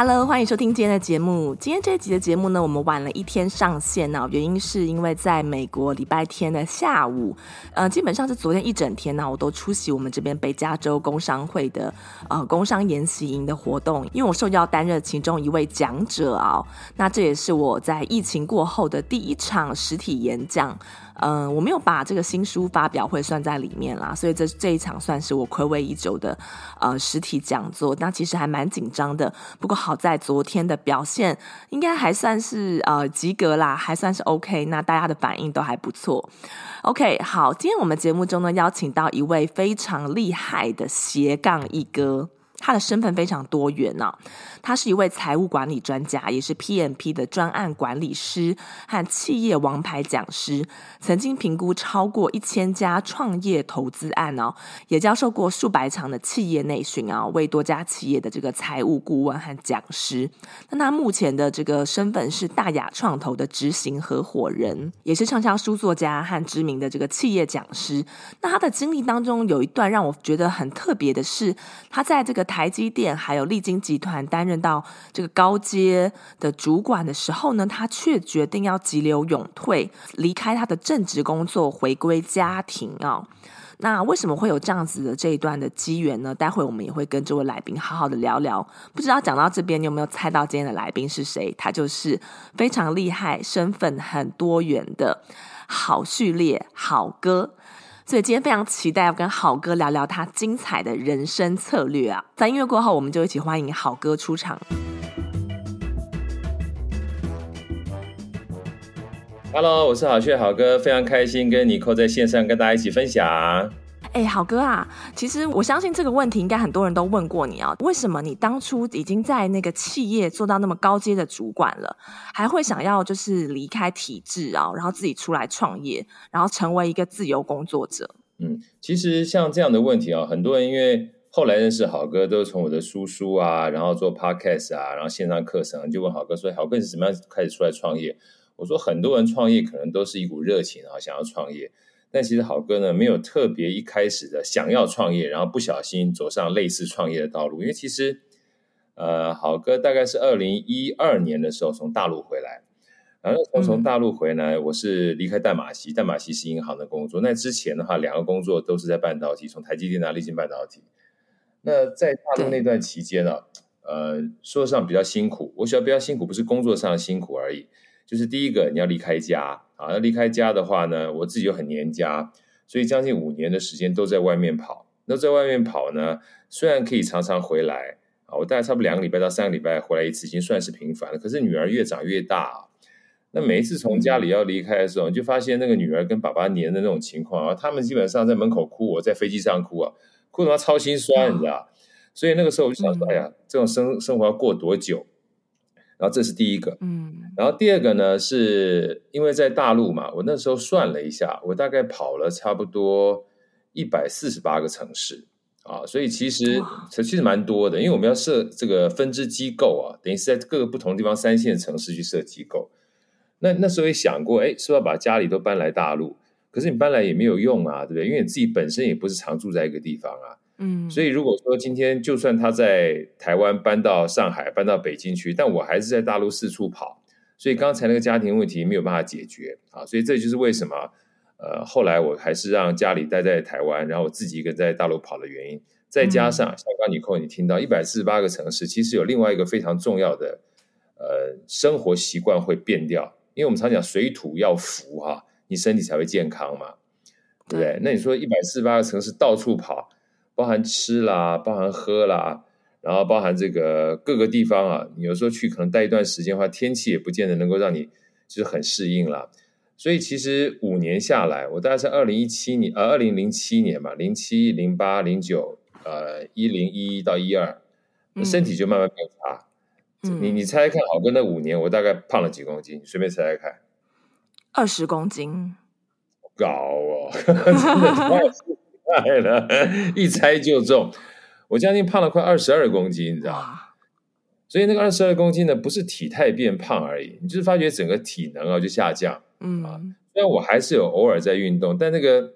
Hello，歡迎收聽今天的節目。今天這一集的節目呢，我們晚了一天上線呢、哦，原因是因為在美國禮拜天的下午，呃，基本上是昨天一整天呢、哦，我都出席我們這邊北加州工商會的呃工商研習營的活動，因為我受邀擔任其中一位講者哦。那這也是我在疫情過後的第一場實體演講。嗯、呃，我沒有把這個新書發表會算在裡面啦，所以這這一場算是我睽違已久的，呃，實體講座。那其實還蠻緊張的，不過好在昨天的表現應該還算是呃及格啦，還算是 OK。那大家的反應都還不錯。OK，好，今天我們節目中呢邀請到一位非常厲害的斜槓一哥。他的身份非常多元呢、哦，他是一位財務管理專家，也是 PMP 的專案管理師和企業王牌講師，曾經評估超過一千家創業投資案哦，也教授過數百場的企業內訓啊、哦，為多家企業的這個財務顧問和講師。那他目前的這個身份是大亞創投的執行合夥人，也是暢銷書作家和知名的這個企業講師。那他的經歷當中有一段讓我覺得很特別的是，他在這個。台積電還有力晶集團擔任到這個高階的主管的時候呢，他卻決定要急流勇退，離開他的正職工作，回歸家庭啊、哦。那為什麼會有這樣子的這一段的機緣呢？待會我們也會跟這位來賓好好的聊聊。不知道講到這邊，你有沒有猜到今天的來賓是誰？他就是非常厲害、身份很多元的郝旭烈郝哥。所以今天非常期待要跟郝哥聊聊他精彩的人生策略啊！在音樂過後，我們就一起歡迎郝哥出場。Hello，我是郝旭烈郝哥，非常開心跟妮蔻在線上跟大家一起分享。哎、欸，郝哥啊！其實我相信這個問題應該很多人都問過你啊。為什麼你當初已經在那個企業做到那麼高階的主管了，還會想要就是離開體制啊，然後自己出來創業，然後成為一個自由工作者？嗯，其實像這樣的問題啊，很多人因為後來認識郝哥，都是從我的叔叔啊，然後做 Podcast 啊，然後線上課程，就問郝哥說：“郝哥，怎麼樣開始出來創業？”我說：“很多人創業可能都是一股熱情啊，想要創業。”但其實好哥呢，沒有特別一開始的想要創業，然後不小心走上類似創業的道路。因為其實，呃，好哥大概是二零一二年的時候從大陸回來，然後從從大陸回來，我是離開淡馬錫，嗯、淡馬錫是銀行的工作。那之前的話，兩個工作都是在半導體，從台積電拿力晶半導體。那在大陸那段期間呢、啊嗯，呃，說實上比較辛苦，我講比較辛苦，不是工作上辛苦而已，就是第一個你要離開家。啊，要離開家的話呢，我自己又很黏家，所以將近五年的時間都在外面跑。那在外面跑呢，雖然可以常常回來啊，我大概差不多兩個禮拜到三個禮拜回來一次，已經算是頻繁了。可是女兒越長越大啊，那每一次從家裡要離開的時候，你就發現那個女兒跟爸爸黏的那種情況啊，他們基本上在門口哭，我在飛機上哭啊，哭的我超心酸，你知道？所以那個時候我就想說，哎呀，這種生生活要過多久？然後這是第一個，嗯，然後第二個呢，是因為在大陸嘛，我那時候算了一下，我大概跑了差不多一百四十八個城市啊，所以其實其實蠻多的，因為我們要設這個分支機構啊，等於是在各個不同地方三線城市去設機構。那那時候也想過，哎，是不是要把家裡都搬來大陸，可是你搬來也沒有用啊，對不對？因為你自己本身也不是常住在一個地方啊。嗯，所以如果說今天就算他在台灣搬到上海、嗯、搬到北京去，但我還是在大陸四處跑，所以剛才那個家庭問題沒有辦法解決啊，所以這就是為什麼呃後來我還是讓家裡待在台灣，然後我自己一個人在大陸跑的原因。再加上、嗯、像剛剛尼可你聽到一百四十八個城市，其實有另外一個非常重要的呃生活習慣會變掉，因為我們常講水土要服哈、啊，你身體才會健康嘛，對不對？對，那你說一百四十八個城市到處跑？包含吃啦，包含喝啦，然後包含這個各個地方啊，有時候去可能待一段時間的話，天氣也不見得能夠讓你就是很適應啦。所以其實五年下來，我大概是二零一七年，呃，二零零七年吧，零七、零八、零九，呃，一零、一一到一二，身體就慢慢變差。嗯、你你猜猜看好，郝哥那五年我大概胖了幾公斤？你隨便猜猜看，二十公斤，好高哦。呵呵真的 快了，一猜就中。我將近胖了快二十二公斤，你知道嗎？所以那個二十二公斤呢，不是體態變胖而已，你就是發覺整個體能啊就下降。嗯啊，雖然我還是有偶爾在運動，但那個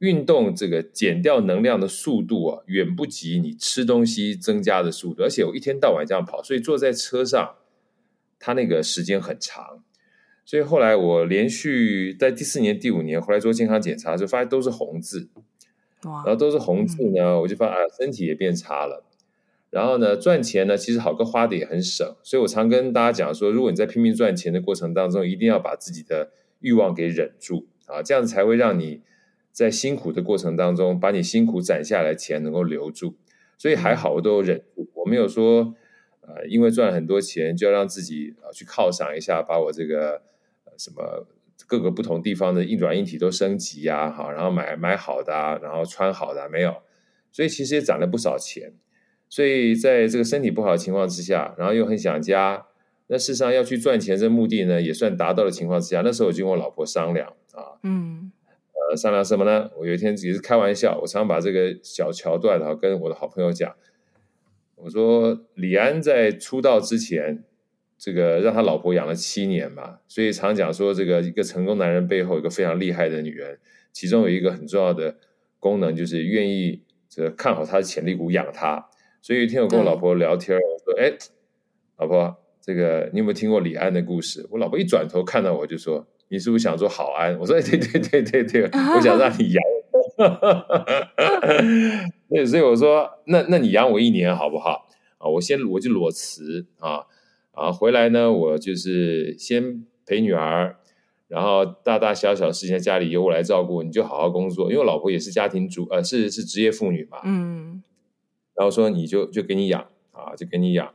運動這個減掉能量的速度啊，遠不及你吃東西增加的速度。而且我一天到晚這樣跑，所以坐在車上，他那個時間很長。所以後來我連續在第四年、第五年，後來做健康檢查的時候，發現都是紅字。然後都是紅字呢，我就發現啊，身體也變差了。嗯。然後呢，賺錢呢，其實郝哥花的也很省，所以我常跟大家講說，如果你在拼命賺錢的過程當中，一定要把自己的欲望給忍住啊，這樣子才會讓你在辛苦的過程當中，把你辛苦攢下來錢能夠留住。所以還好，我都忍住，我沒有說呃，因為賺很多錢就要讓自己啊去犒賞一下，把我這個呃什麼。各個不同地方的硬軟硬體都升級呀、啊，好，然後買買好的、啊，然後穿好的、啊，沒有，所以其實也攢了不少錢。所以在這個身體不好的情況之下，然後又很想家，那事實上要去賺錢這目的呢，也算達到了情況之下。那時候我就跟我老婆商量啊，嗯，呃，商量什麼呢？我有一天也是開玩笑，我常常把這個小橋段哈跟我的好朋友講，我說李安在出道之前。這個讓他老婆養了七年嘛，所以常講說，這個一個成功男人背後有個非常厲害的女人，其中有一個很重要的功能就是願意，這個看好他的潛力股養他。所以有一天我跟我老婆聊天，我說：“哎，老婆，這個你有沒有聽過李安的故事？”我老婆一轉頭看到我就說：“你是不是想做郝安？”我說：“對、哎、對對對對，我想讓你養。”哈哈哈哈哈。所 以所以我說，那那你養我一年好不好？啊，我先裸就裸辭啊。啊，回來呢，我就是先陪女兒，然後大大小小事情家裡由我來照顧，你就好好工作，因為我老婆也是家庭主，呃，是是職業婦女嘛，嗯，然後說你就就給你養啊，就給你養，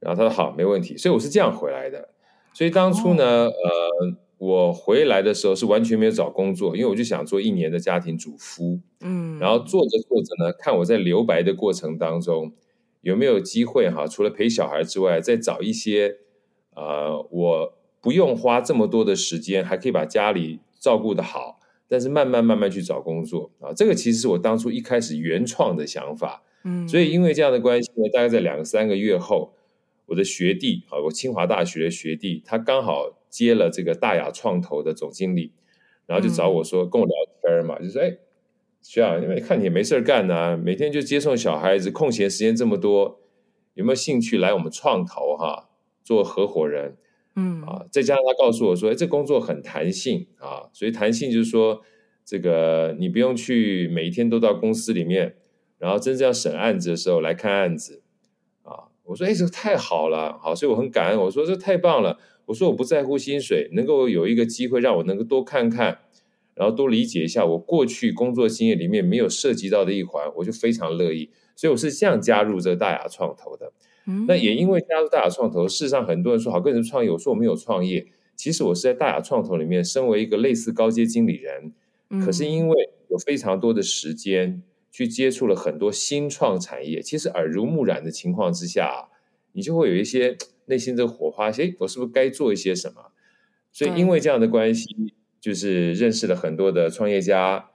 然後他說好，沒問題，所以我是這樣回來的，所以當初呢，哦，呃，我回來的時候是完全沒有找工作，因為我就想做一年的家庭主夫，嗯，然後做着做着呢，看我在留白的過程當中。有沒有機會哈、啊？除了陪小孩之外，再找一些啊、呃，我不用花這麼多的時間，還可以把家裡照顧得好。但是慢慢慢慢去找工作啊，這個其實是我當初一開始原創的想法。嗯、所以因為這樣的關係呢，大概在兩三個月後，我的學弟啊，我清華大學的學弟，他剛好接了這個大亞創投的總經理，然後就找我說，嗯、跟我聊天嘛，就說哎。需要，因為看你也沒事兒幹吶、啊，每天就接送小孩子，空閒時間這麼多，有沒有興趣來我們創投哈、啊、做合夥人？嗯啊，再加上他告訴我說，哎，這工作很彈性啊，所以彈性就是說，這個你不用去每天都到公司裡面，然後真正要審案子的時候來看案子啊。我說，哎，這個太好了，好，所以我很感恩，我說這太棒了，我說我不在乎薪水，能夠有一個機會讓我能夠多看看。然後多理解一下我過去工作經驗裡面沒有涉及到的一環，我就非常樂意。所以我是這樣加入這個大亞創投的。嗯、那也因為加入大亞創投，事實上很多人說好，跟人創業，我說我沒有創業。其實我是在大亞創投裡面，身為一個類似高階經理人。嗯、可是因為有非常多的時間去接觸了很多新創產業，其實耳濡目染的情況之下，你就會有一些內心的火花。哎，我是不是該做一些什麼？所以因為這樣的關係。就是認識了很多的創業家，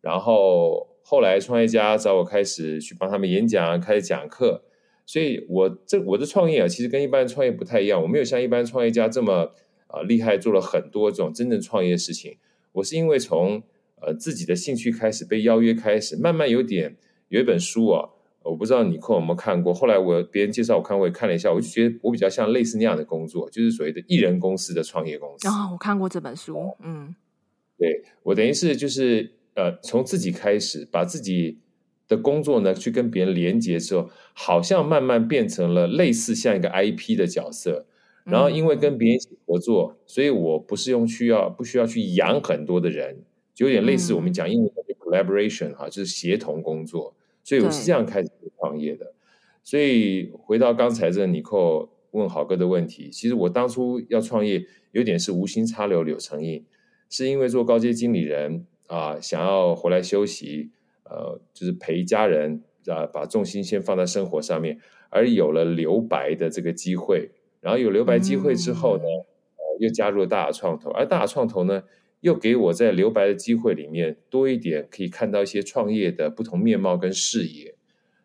然後後來創業家找我開始去幫他們演講，開始講課，所以我這我的創業啊，其實跟一般創業不太一樣，我沒有像一般創業家這麼啊、呃、厲害，做了很多種真正創業的事情。我是因為從呃自己的興趣開始被邀約開始，慢慢有點有一本書啊。我不知道尼可有沒有看過。後來我別人介紹我看過，我也看了一下，我就覺得我比較像類似那樣的工作，就是所謂的一人公司的創業公司。哦，我看過這本書，嗯，對我等於是就是呃，從自己開始把自己的工作呢去跟別人連接之後，好像慢慢變成了類似像一個 IP 的角色。嗯、然後因為跟別人一起合作，所以我不是用需要不需要去養很多的人，就有點類似我們講英文的 collaboration 哈、啊，就是協同工作。所以我是這樣開始創業的，所以回到剛才這個尼可問郝哥的問題，其實我當初要創業有點是無心插柳柳成蔭，是因為做高階經理人啊，想要回來休息，呃、啊，就是陪家人啊，把重心先放在生活上面，而有了留白的這個機會，然後有留白機會之後呢，呃、嗯，又加入了大亞創投，而大亞創投呢。又給我在留白的機會裡面多一點，可以看到一些創業的不同面貌跟視野。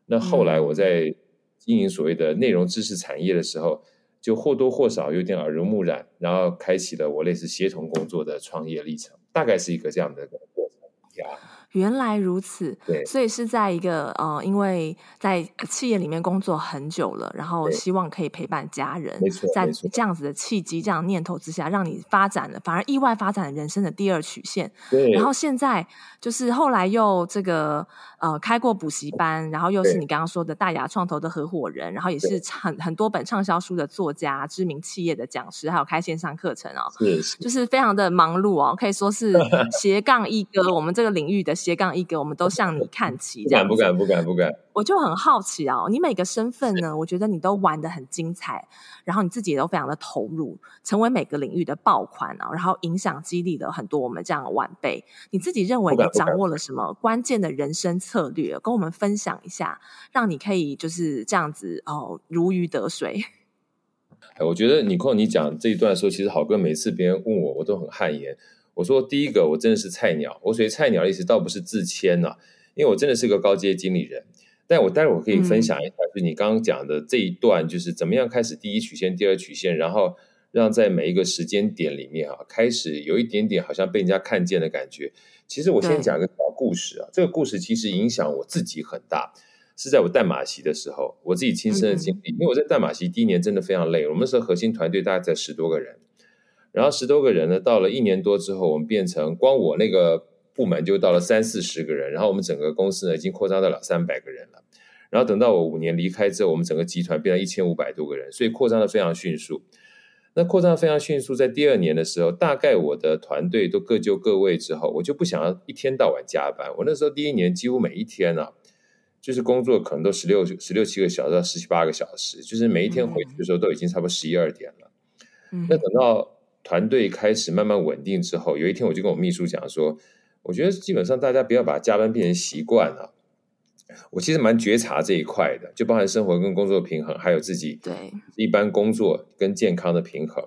那後來我在經營所謂的內容知識產業的時候，就或多或少有點耳濡目染，然後開啟了我類似協同工作的創業歷程，大概是一個這樣的過程。嗯原來如此，對，所以是在一個呃，因為在企業裡面工作很久了，然後希望可以陪伴家人，在這樣子的契機、這樣念頭之下，讓你發展了，反而意外發展了人生的第二曲線。對，然後現在就是後來又這個呃開過補習班，然後又是你剛剛說的大亞創投的合夥人，然後也是很很多本暢銷書的作家、知名企業的講師，還有開線上課程哦，是，是，就是非常的忙碌哦，可以說是斜槓一哥， 我們這個領域的。斜槓一哥，我們都向你看齊。不敢，不敢，不敢，不敢。我就很好奇啊，你每個身份呢？我覺得你都玩得很精彩，然後你自己也都非常的投入，成為每個領域的爆款啊，然後影響激勵了很多我們這樣的晚輩。你自己認為你掌握了什麼關鍵的人生策略？跟我們分享一下，讓你可以就是這樣子哦，如魚得水。哎，我覺得 Nicolle 你講這一段的時候，其實郝哥每次別人問我，我都很汗顏。我說第一個，我真的是菜鳥。我屬於菜鳥的意思倒不是自謙吶、啊，因為我真的是個高階經理人。但我待會兒我可以分享一下，就是你剛剛講的這一段，就是怎麼樣開始第一曲線、第二曲線，然後讓在每一個時間點裡面啊，開始有一點點好像被人家看見的感覺。其實我先講個小故事啊，這個故事其實影響我自己很大，是在我淡馬錫的時候，我自己親身的經歷。因為我在淡馬錫第一年真的非常累，我們是核心團隊大概在十多個人。然後十多個人呢，到了一年多之後，我們變成光我那個部門就到了三四十個人。然後我們整個公司呢，已經擴張到兩三百個人了。然後等到我五年離開之後，我們整個集團變成一千五百多個人，所以擴張得非常迅速。那擴張非常迅速，在第二年的時候，大概我的團隊都各就各位之後，我就不想要一天到晚加班。我那時候第一年幾乎每一天啊，就是工作可能都十六十六七個小時到十七八個小時，就是每一天回去的時候都已經差不多十一二點了。Mm -hmm. 那等到團隊開始慢慢穩定之後，有一天我就跟我秘書講說：“我覺得基本上大家不要把加班變成習慣了。”我其實蠻覺察這一塊的，就包含生活跟工作平衡，還有自己對一般工作跟健康的平衡，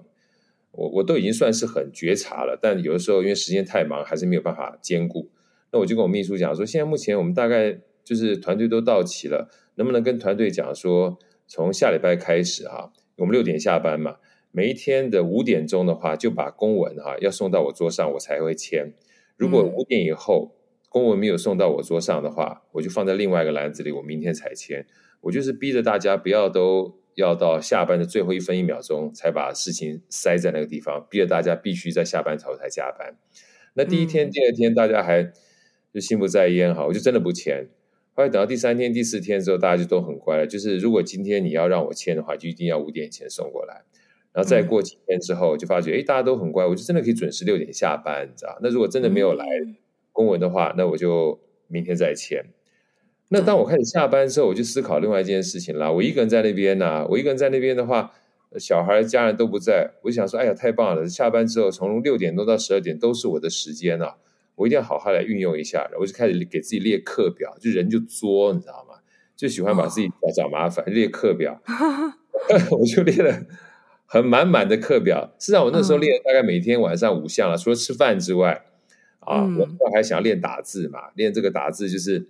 我我都已經算是很覺察了。但有的時候因為時間太忙，還是沒有辦法兼顧。那我就跟我秘書講說：“現在目前我們大概就是團隊都到齊了，能不能跟團隊講說，從下禮拜開始哈，我們六點下班嘛？”每一天的五點鐘的話，就把公文哈、啊、要送到我桌上，我才會簽。如果五點以後公文沒有送到我桌上的話，我就放在另外一個籃子裡，我明天才簽。我就是逼着大家不要都要到下班的最後一分一秒鐘才把事情塞在那個地方，逼着大家必須在下班之後才加班。那第一天、第二天大家還就心不在焉，哈，我就真的不簽。後來等到第三天、第四天之後，大家就都很乖了，就是如果今天你要讓我簽的話，就一定要五點前送過來。然後再過幾天之後，就發覺誒，大家都很乖，我就真的可以準時六點下班，你知道？那如果真的沒有來公文的話，那我就明天再簽。那當我開始下班之後，我就思考另外一件事情了。我一個人在那邊呢、啊，我一個人在那邊的話，小孩家人都不在，我想說，哎呀，太棒了！下班之後，從六點多到十二點都是我的時間啊，我一定要好好來運用一下。我就開始給自己列課表，就人就作，你知道嗎？就喜歡把自己找找麻煩，列課表， 我就列了。很滿滿的課表，實際上我那時候練大概每天晚上五項了、啊嗯，除了吃飯之外，啊，我還還想練打字嘛、嗯，練這個打字就是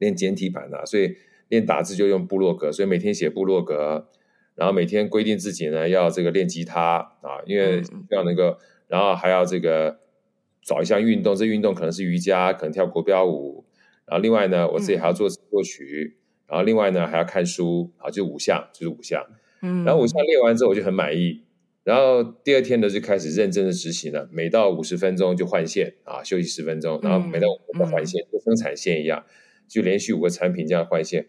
練簡體版的，所以練打字就用部落格，所以每天寫部落格，然後每天規定自己呢要這個練吉他啊，因為這樣能夠，然後還要這個找一項運動，這運動可能是瑜伽，可能跳國標舞，然後另外呢我自己還要作詞作曲、嗯，然後另外呢還要看書，好、啊，就五項，就是五項。然後我這樣練完之後，我就很滿意、嗯。然後第二天呢，就開始認真的執行了。每到五十分鐘就換線啊，休息十分鐘。然後每到五十分鐘就換線、嗯，就生產線一樣，嗯、就連續五個產品這樣換線。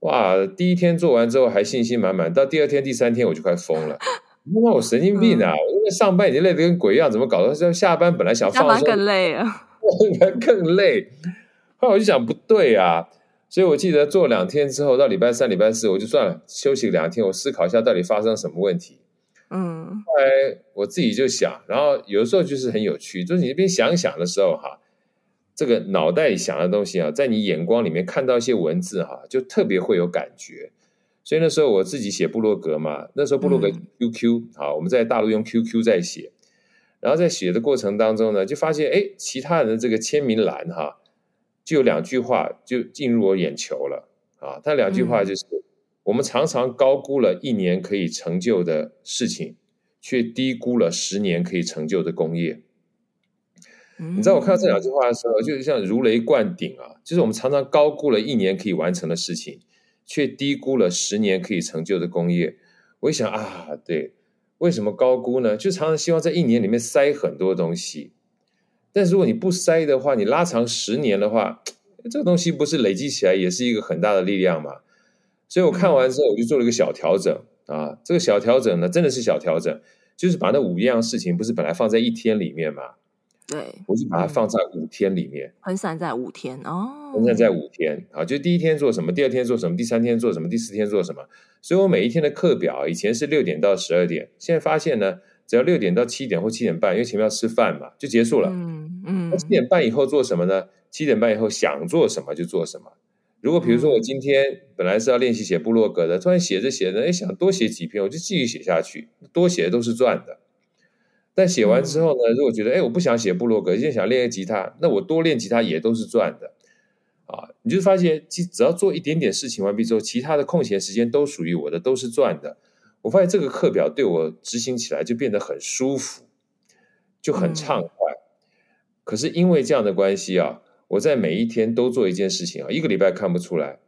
哇！第一天做完之後還信心滿滿，到第二天、第三天我就快瘋了。你看我神經病啊！因、嗯、為上班已經累得跟鬼一樣，怎麼搞到要下班？本來想放鬆更累啊更累。後、啊、來我就想，不對啊。所以我記得做兩天之後，到禮拜三、禮拜四我就算了，休息兩天，我思考一下到底發生什麼問題。嗯，後來我自己就想，然後有時候就是很有趣，就是你一邊想一想的時候哈，這個腦袋裡想的東西啊，在你眼光裡面看到一些文字哈，就特別會有感覺。所以那時候我自己寫部落格嘛，那時候部落格 QQ 啊、嗯，我們在大陸用 QQ 在寫，然後在寫的過程當中呢，就發現哎，其他人的這個簽名欄哈。就有兩句話就進入我眼球了啊！他兩句話就是、嗯，我們常常高估了一年可以成就的事情，卻低估了十年可以成就的功業。嗯、你知道我看到這兩句話的時候，就像如雷貫頂啊！就是我們常常高估了一年可以完成的事情，卻低估了十年可以成就的功業。我一想啊，對，為什麼高估呢？就常常希望在一年裡面塞很多東西。但是如果你不塞的話，你拉長十年的話，這個東西不是累積起來也是一個很大的力量嘛？所以我看完之後，我就做了一個小調整啊。這個小調整呢，真的是小調整，就是把那五樣事情不是本來放在一天裡面嘛？對，我就把它放在五天裡面，分、嗯、散在五天哦，分散在五天啊。就第一天做什麼，第二天做什麼，第三天做什麼，第四天做什麼。所以我每一天的課表以前是六點到十二點，現在發現呢。只要六點到七點或七點半，因為前面要吃飯嘛，就結束了。嗯嗯。那七點半以後做什麼呢？七點半以後想做什麼就做什麼。如果比如說我今天本來是要練習寫部落格的，嗯、突然寫着寫着，哎，想多寫幾篇，我就繼續寫下去，多寫的都是賺的。但寫完之後呢，如果覺得，哎，我不想寫部落格，就想練一個吉他，那我多練吉他也都是賺的。啊，你就發現，其只要做一點點事情完畢之後，其他的空閒時間都屬於我的，都是賺的。我發現這個課表對我執行起來就變得很舒服，就很暢快。嗯。可是因為這樣的關係啊，我在每一天都做一件事情啊，一個禮拜看不出來，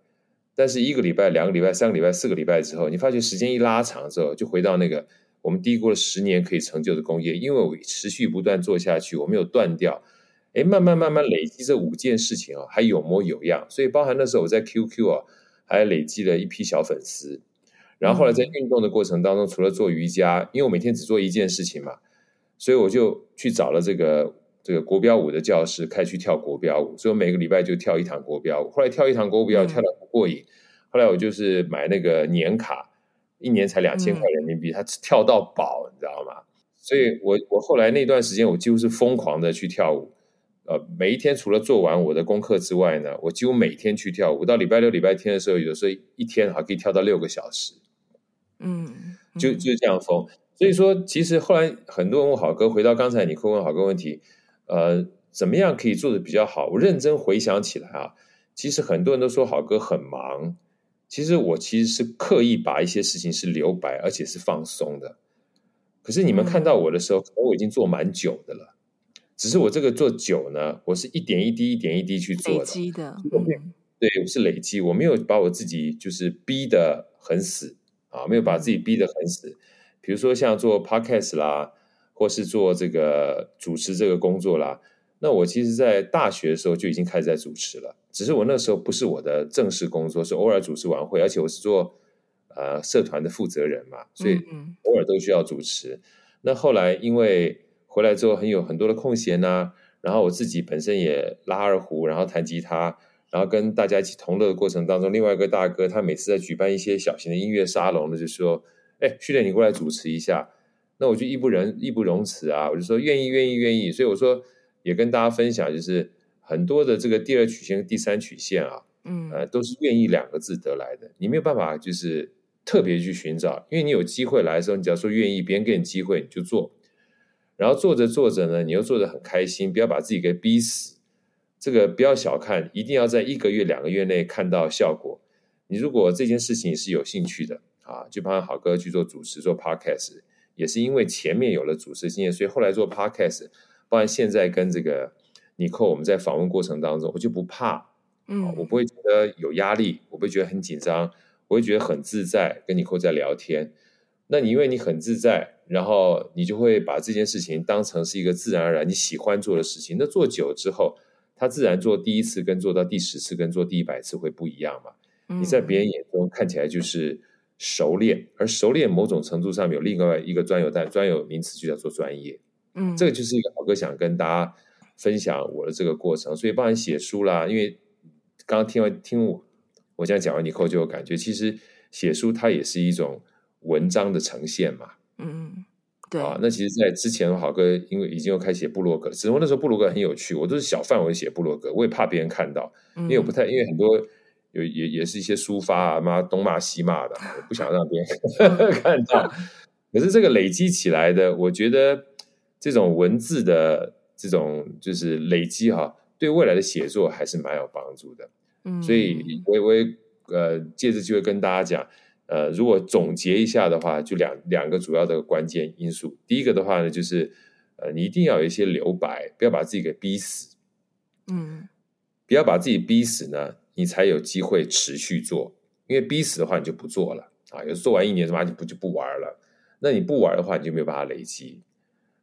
但是一個禮拜、兩個禮拜、三個禮拜、四個禮拜之後，你發現時間一拉長之後，就回到那個我們低估了十年可以成就的工業。因為我持續不斷做下去，我沒有斷掉，哎，慢慢慢慢累積這五件事情啊，還有模有樣。所以，包含那時候我在 QQ 啊，還累積了一批小粉絲。然後後來在運動的過程當中，除了做瑜伽、嗯，因為我每天只做一件事情嘛，所以我就去找了這個這個國標舞的教室，開去跳國標舞。所以我每個禮拜就跳一堂國標舞。後來跳一堂國標舞跳得不過癮、嗯，後來我就是買那個年卡，一年才兩千塊人民幣，他跳到飽、嗯，你知道嗎？所以我我後來那段時間我幾乎是瘋狂的去跳舞，呃，每一天除了做完我的功課之外呢，我幾乎每天去跳舞。到禮拜六、禮拜天的時候，有的時候一天還可以跳到六個小時。嗯，嗯，就就這樣瘋。所以說，其實後來很多人問郝哥，回到剛才你會問郝哥問題，呃，怎麼樣可以做得比較好？我認真回想起來啊，其實很多人都說郝哥很忙，其實我其實是刻意把一些事情是留白，而且是放鬆的。可是你們看到我的時候，嗯、可能我已經做蠻久的了。只是我這個做久呢，我是一點一滴、一點一滴去做的，累積的、嗯。對，我是累積，我沒有把我自己就是逼得很死。啊，沒有把自己逼得很死，比如說像做 Podcast 啦，或是做這個主持這個工作啦。那我其實在大學的時候就已經開始在主持了，只是我那時候不是我的正式工作，是偶爾主持晚會，而且我是做啊、呃、社團的負責人嘛，所以偶爾都需要主持。嗯嗯，那後來因為回來之後很有很多的空閒吶、啊，然後我自己本身也拉二胡，然後彈吉他。然後跟大家一起同樂的過程當中，另外一個大哥他每次在舉辦一些小型的音樂沙龍呢，就說：“哎，旭烈，你過來主持一下。”那我就義不容義不容辭啊，我就說願意，願意，願意。所以我說也跟大家分享，就是很多的這個第二曲線、第三曲線啊，嗯，都是“願意”兩個字得來的。你沒有辦法就是特別去尋找，因為你有機會來的時候，你只要說願意，別人給你機會你就做。然後做着做着呢，你又做着很開心，不要把自己給逼死。這個不要小看，一定要在一個月兩個月內看到效果。你如果這件事情是有興趣的啊，就幫郝哥去做主持做 podcast，也是因為前面有了主持經驗，所以後來做 podcast，包括現在跟這個尼可，我們在訪問過程當中，我就不怕，嗯、啊，我不會覺得有壓力，我不會覺得很緊張，我會覺得很自在，跟尼可在聊天。那你因為你很自在，然後你就會把這件事情當成是一個自然而然你喜歡做的事情。那做久之後，他自然做第一次跟做到第十次跟做第一百次會不一樣嘛？你在別人眼中看起來就是熟練，而熟練某種程度上面有另外一個專有但專有名詞就叫做專業。嗯，這個就是一個郝哥想跟大家分享我的這個過程，所以包含寫書啦。因為剛剛聽完聽我我現在講完，尼可就有感覺，其實寫書它也是一種文章的呈現嘛。嗯。啊，那其實，在之前郝哥，因為已經有開始寫部落格，只不過那時候部落格很有趣，我都是小範圍寫部落格，我也怕別人看到，嗯、因為我不太，因為很多有也也是一些抒發啊，罵東罵西罵的，我不想讓別人 看到。可是這個累積起來的，我覺得這種文字的這種就是累積哈、啊，對未來的寫作還是蠻有幫助的。嗯、所以我也我也呃借着機會跟大家講。呃，如果總結一下的話，就兩兩個主要的關鍵因素。第一個的話呢，就是，呃，你一定要有一些留白，不要把自己給逼死。嗯，不要把自己逼死呢，你才有機會持續做。因為逼死的話，你就不做了啊。有時做完一年的話，你不就不玩了？那你不玩的話，你就沒有辦法累積。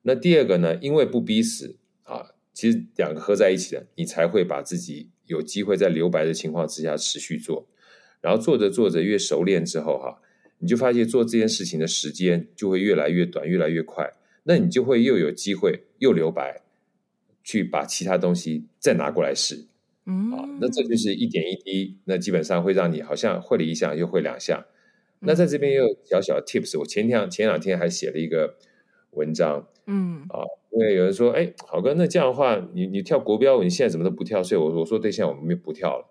那第二個呢，因為不逼死啊，其實兩個合在一起的，你才會把自己有機會在留白的情況之下持續做。然後做着做着越熟練之後哈、啊，你就發現做這件事情的時間就會越來越短，越來越快。那你就會又有機會又留白，去把其他東西再拿過來試。嗯，啊，那這就是一點一滴，那基本上會讓你好像會了一項又會兩項，嗯。那在這邊又有小小的 tips，我前天前兩天還寫了一個文章。嗯，啊，因為有人說，哎，郝哥，那這樣的話，你你跳國標舞，你現在怎麼都不跳？所以我，我我說對象我們不跳了。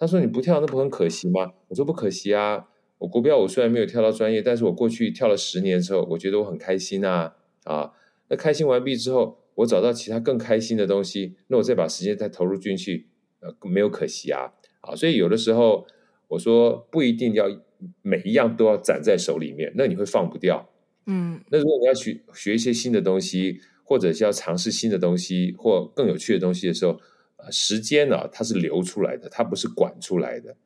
他說：“你不跳，那不很可惜嗎？”我說：“不可惜啊！我國標我雖然沒有跳到專業，但是我過去跳了十年之後，我覺得我很開心啊！啊，那開心完畢之後，我找到其他更開心的東西，那我再把時間再投入進去，呃、啊，沒有可惜啊！啊，所以有的時候我說不一定要每一樣都要攢在手裡面，那你會放不掉。嗯，那如果你要學學一些新的東西，或者是要嘗試新的東西或更有趣的東西的時候。”時間呢、啊，它是留出來的，它不是管出來的。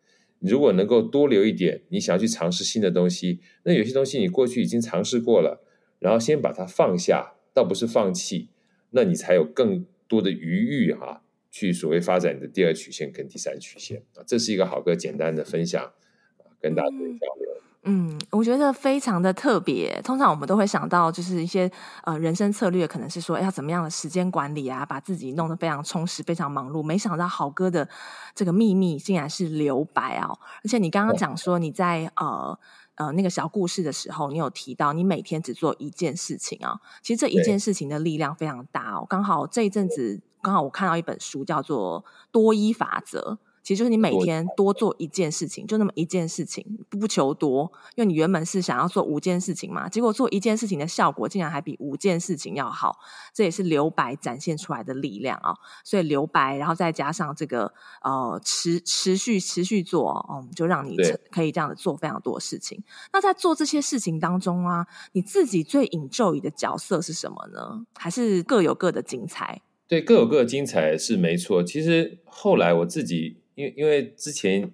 如果能夠多留一點，你想要去嘗試新的東西，那有些東西你過去已經嘗試過了，然後先把它放下，倒不是放棄，那你才有更多的餘裕哈、啊，去所謂發展你的第二曲線跟第三曲線啊。這是一個郝哥簡單的分享啊，跟大家交流。嗯，我覺得非常的特別。通常我們都會想到，就是一些呃人生策略，可能是說要怎麼樣的時間管理啊，把自己弄得非常充實、非常忙碌。沒想到郝哥的這個秘密竟然是留白哦。而且你剛剛講說你在、哦、呃呃那個小故事的時候，你有提到你每天只做一件事情啊、哦。其實這一件事情的力量非常大哦。剛好這一陣子，剛好我看到一本書叫做《多一法則》。其實就是你每天多做一件事情，就那麼一件事情，不求多，因為你原本是想要做五件事情嘛，結果做一件事情的效果竟然還比五件事情要好，這也是留白展現出來的力量啊。所以留白，然後再加上這個呃持持續持續做、啊，嗯，就讓你可以這樣子做非常多的事情。那在做這些事情當中啊，你自己最 enjoy 的角色是什麼呢？還是各有各的精彩？對，各有各的精彩是沒錯。其實後來我自己。因為因為之前，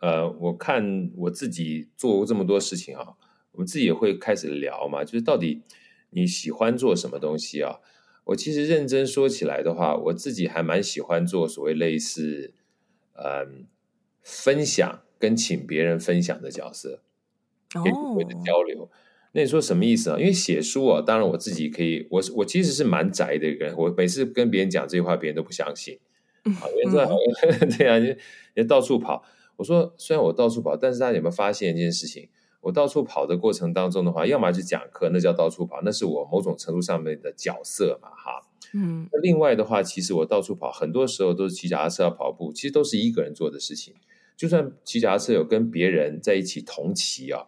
呃，我看我自己做過這麼多事情啊，我們自己也會開始聊嘛，就是到底你喜歡做什麼東西啊？我其實認真說起來的話，我自己還蠻喜歡做所謂類似，嗯、呃，分享跟請別人分享的角色，跟所謂的交流。Oh. 那你說什麼意思啊？因為寫書啊，當然我自己可以，我我其實是蠻宅的一個人，我每次跟別人講這句話，別人都不相信。 好，原為、嗯、對啊，你你到處跑。我說，雖然我到處跑，但是大家有沒有發現一件事情？我到處跑的過程當中的話，要麼就講課，那叫到處跑，那是我某種程度上面的角色嘛，哈。嗯。另外的話，其實我到處跑，很多時候都是騎腳踏車要跑步，其實都是一個人做的事情。就算騎腳踏車有跟別人在一起同騎啊，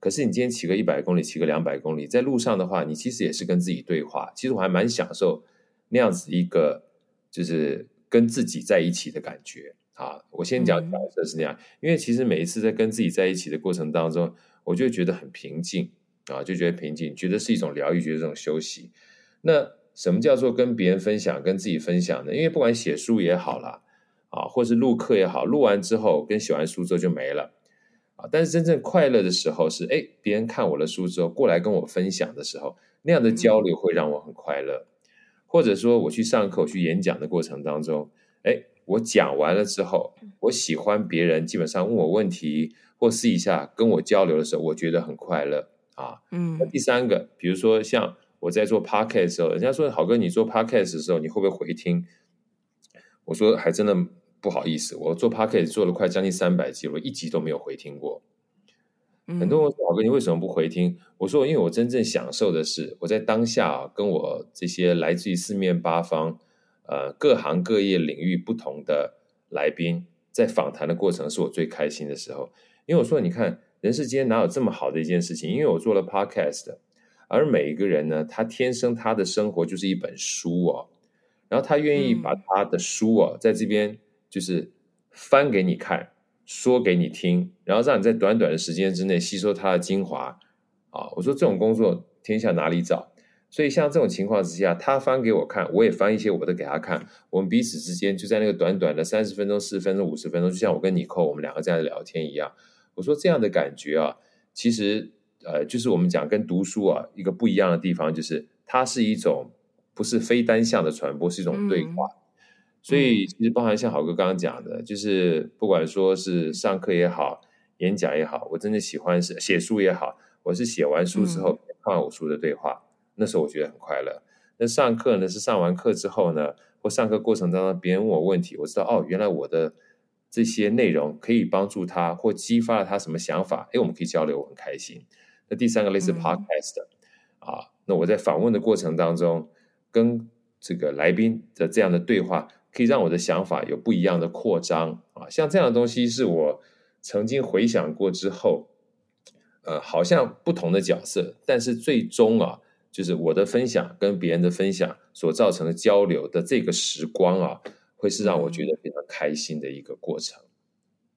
可是你今天騎個一百公里，騎個兩百公里，在路上的話，你其實也是跟自己對話。其實我還蠻享受那樣子一個，就是。跟自己在一起的感覺啊，我先講大致是那樣，嗯，因為其實每一次在跟自己在一起的過程當中，我就覺得很平靜啊，就覺得平靜，覺得是一種療癒，覺得這種休息。那什麼叫做跟別人分享、跟自己分享呢？因為不管寫書也好啦，啊，或是錄課也好，錄完之後跟寫完書之後就沒了啊。但是真正快樂的時候是，哎、欸，別人看我的書之後過來跟我分享的時候，那樣的交流會讓我很快樂。嗯或者說我去上課，我去演講的過程當中，哎，我講完了之後，我喜歡別人基本上問我問題或私底下跟我交流的時候，我覺得很快樂啊。嗯。那第三個，比如說像我在做 podcast 的時候，人家說郝哥，你做 podcast 的時候，你會不會回聽？我說還真的不好意思，我做 podcast 做了快將近三百集，我一集都沒有回聽過。很多人說我郝哥，你為什麼不回聽？我說，因為我真正享受的是我在當下啊，跟我這些來自於四面八方、呃，各行各業領域不同的來賓在訪談的過程，是我最開心的時候。因為我說，你看，人世間哪有這麼好的一件事情？因為我做了 Podcast，而每一個人呢，他天生他的生活就是一本書哦。然後他願意把他的書哦，在這邊就是翻給你看。嗯說給你聽，然後讓你在短短的時間之內吸收它的精華啊！我說這種工作天下哪裡找？所以像這種情況之下，他翻給我看，我也翻一些我的給他看，我們彼此之間就在那個短短的三十分鐘、四十分鐘、五十分鐘，就像我跟尼可我們兩個這樣聊天一樣。我說這樣的感覺啊，其實呃，就是我們講跟讀書啊一個不一樣的地方，就是它是一種不是非單向的傳播，是一種對話。嗯所以其實包含像郝哥剛剛講的、嗯，就是不管說是上課也好，演講也好，我真的喜歡寫，寫書也好，我是寫完書之後，看完我書的對話、嗯，那時候我覺得很快樂。那上課呢是上完課之後呢，或上課過程當中，別人問我問題，我知道哦，原來我的這些內容可以幫助他，或激發了他什麼想法，誒，我們可以交流，我很開心。那第三個類似 podcast、嗯、啊，那我在訪問的過程當中，跟這個來賓的這樣的對話。可以讓我的想法有不一樣的擴張啊，像這樣的東西是我曾經回想過之後，呃，好像不同的角色，但是最終啊，就是我的分享跟別人的分享所造成的交流的這個時光啊，會是讓我覺得非常開心的一個過程。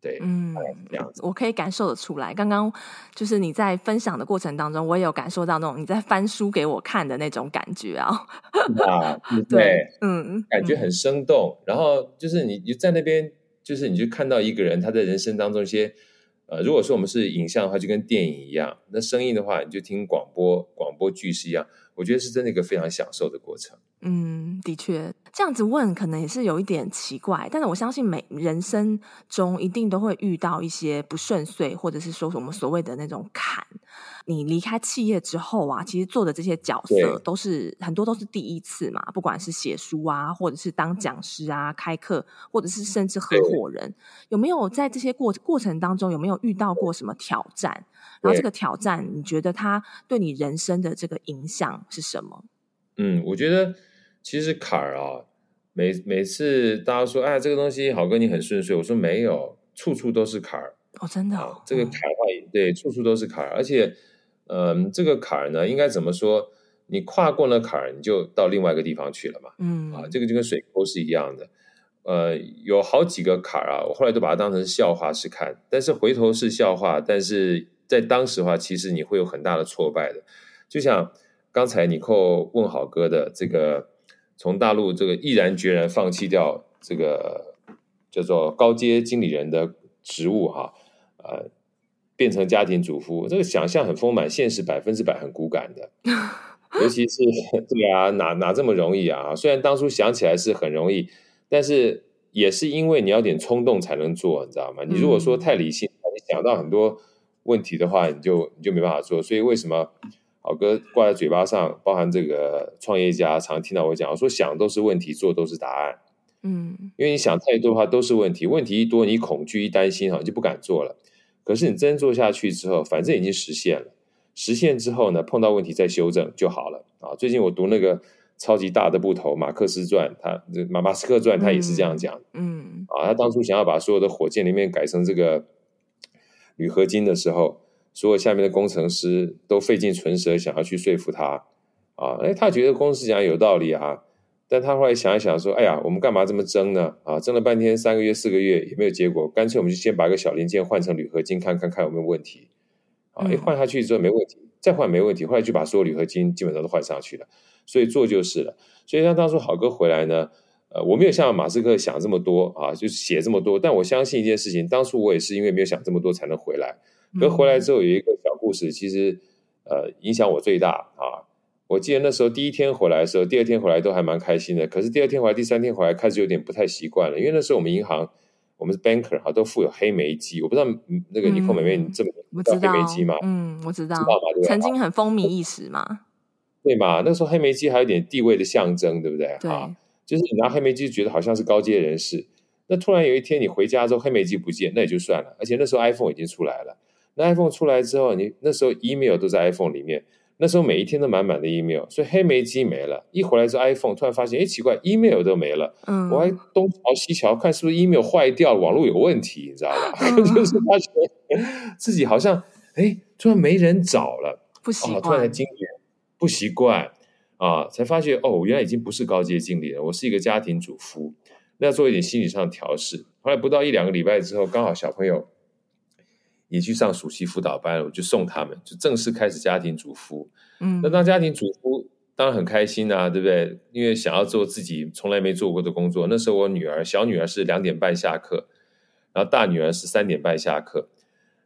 對，嗯，這樣子，我可以感受得出來。剛剛就是你在分享的過程當中，我也有感受到那種你在翻書給我看的那種感覺啊。啊， 對，嗯，感覺很生動。嗯嗯、然後就是你，你在那邊，就是你就看到一個人，他在人生當中一些，呃，如果說我們是影像的話，就跟電影一樣；那聲音的話，你就聽廣播、廣播劇是一樣。我覺得是真的一個非常享受的過程。嗯，的確，這樣子問可能也是有一點奇怪，但是我相信每人生中一定都會遇到一些不順遂，或者是說我們所謂的那種坎。你離開企業之後啊，其實做的這些角色都是、Yeah. 很多都是第一次嘛，不管是寫書啊，或者是當講師啊、開課，或者是甚至合夥人，Yeah. 有沒有在這些過過程當中有沒有遇到過什麼挑戰？然後這個挑戰，Yeah. 你覺得它對你人生的這個影響是什麼？嗯，我覺得。其實坎兒啊，每每次大家說哎，這個東西郝哥你很順遂，我說沒有，處處都是坎兒哦，真的、哦啊嗯，這個坎兒，對，處處都是坎兒，而且，嗯、呃、這個坎兒呢，應該怎麼說？你跨過了坎兒，你就到另外一個地方去了嘛，嗯，啊，這個就跟水溝是一樣的，呃，有好幾個坎兒啊，我後來都把它當成笑話是看，但是回頭是笑話，但是在當時的話，其實你會有很大的挫敗的，就像剛才你扣問郝哥的這個。從大陸這個毅然決然放棄掉這個叫做高階經理人的職務哈、啊，呃，變成家庭主夫，這個想象很豐滿，現實百分之百很骨感的。尤其是 對啊，哪哪這麼容易啊？雖然當初想起來是很容易，但是也是因為你要點衝動才能做，你知道嗎？你如果說太理性，你、嗯嗯、想到很多問題的話，你就你就沒辦法做。所以為什麼？郝哥掛在嘴巴上，包含這個創業家常聽到我講，我說，想都是問題，做都是答案。嗯，因為你想太多的話都是問題，問題一多，你恐懼一擔心，好像就不敢做了。可是你真做下去之後，反正已經實現了，實現之後呢，碰到問題再修正就好了啊。最近我讀那個超級大的部頭馬克思傳，他馬馬斯克傳他也是這樣講的嗯。嗯，啊，他當初想要把所有的火箭裡面改成這個鋁合金的時候。所有下面的工程師都費盡唇舌想要去說服他，啊，誒、哎、他覺得公司講有道理啊，但他後來想一想說，哎呀，我們幹嘛這麼爭呢？啊，爭了半天，三個月、四個月也沒有結果，乾脆我們就先把個小零件換成鋁合金，看看看，看有沒有問題，啊，一、哎、換下去之後沒問題，再換沒問題，後來就把所有鋁合金基本上都換上去了，所以做就是了。所以像當初郝哥回來呢，呃，我沒有像馬斯克想這麼多啊，就是、寫這麼多，但我相信一件事情，當初我也是因為沒有想這麼多才能回來。可回來之後有一個小故事，其實，呃，影響我最大啊！我記得那時候第一天回來的時候，第二天回來都還蠻開心的。可是第二天回來、第三天回來開始有點不太習慣了，因為那時候我們銀行，我們是 banker 哈、啊，都附有黑莓機。我不知道、嗯、那個尼可妹妹，你這麼知道黑莓機嗎？嗯，我知道。知道嘛？曾經很風靡一時嘛、嗯。對嘛？那時候黑莓機還有點地位的象徵，對不對？對啊，就是你拿黑莓機，覺得好像是高階人士。那突然有一天你回家之後，黑莓機不見，那也就算了。而且那時候 iPhone 已經出來了。那 iPhone 出來之後，你那時候 email 都在 iPhone 裡面，那時候每一天都滿滿的 email，所以黑莓機沒了。一回來之後，iPhone 突然發現，哎，奇怪，email 都沒了。嗯，我還東瞧西瞧，看是不是 email 壞掉了，網絡有問題，你知道吧？嗯、 就是發覺自己好像，哎，突然沒人找了，不習慣，哦、突然驚覺不習慣啊，才發現，哦，原來已經不是高階經理了，我是一個家庭主夫。那要做一點心理上的調試，後來不到一兩個禮拜之後，剛好小朋友。也去上暑期輔導班，我就送他們，就正式開始家庭主夫。嗯，那當家庭主夫當然很開心啊，對不對？因為想要做自己從來沒做過的工作。那時候我女兒小女兒是兩點半下課，然後大女兒是三點半下課。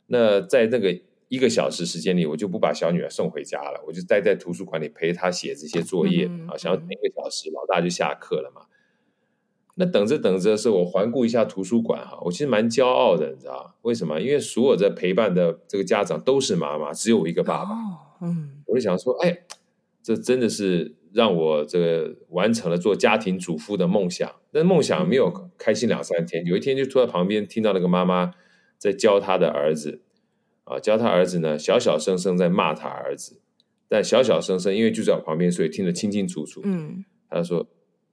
那在那個一個小時時間裡，我就不把小女兒送回家了，我就待在圖書館裡陪她寫這些作業啊。嗯嗯嗯想要一個小時，老大就下課了嘛。那等着等着，是我環顧一下圖書館哈，我其實蠻驕傲的，你知道為什麼？因為所有在陪伴的這個家長都是媽媽，只有我一個爸爸。哦。嗯，我就想說，哎，這真的是讓我這個完成了做家庭主婦的夢想。但夢想沒有開心兩三天。嗯，有一天就坐在旁邊聽到那個媽媽在教他的兒子，啊，教他兒子呢，小小聲聲在罵他兒子，但小小聲聲因為就在我旁邊，所以聽得清清楚楚。嗯，他說：“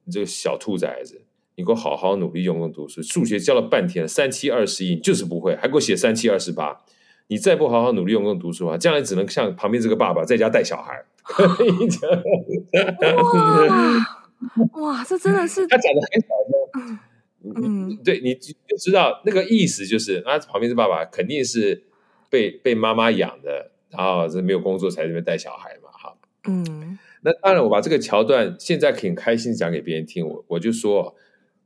你這個小兔崽子。”你給我好好努力用功讀書，數學教了半天三七二十一你就是不會，還給我寫三七二十八。你再不好好努力用功讀書啊，將來只能像旁邊這個爸爸在家帶小孩。 哇哇，這真的是他講的很好嗎？嗯對，你知道那個意思就是那旁邊的爸爸，肯定是被被媽媽養的，然後是沒有工作才在這邊帶小孩嘛，哈，嗯。那當然，我把這個橋段現在挺開心講給別人聽，我我就說。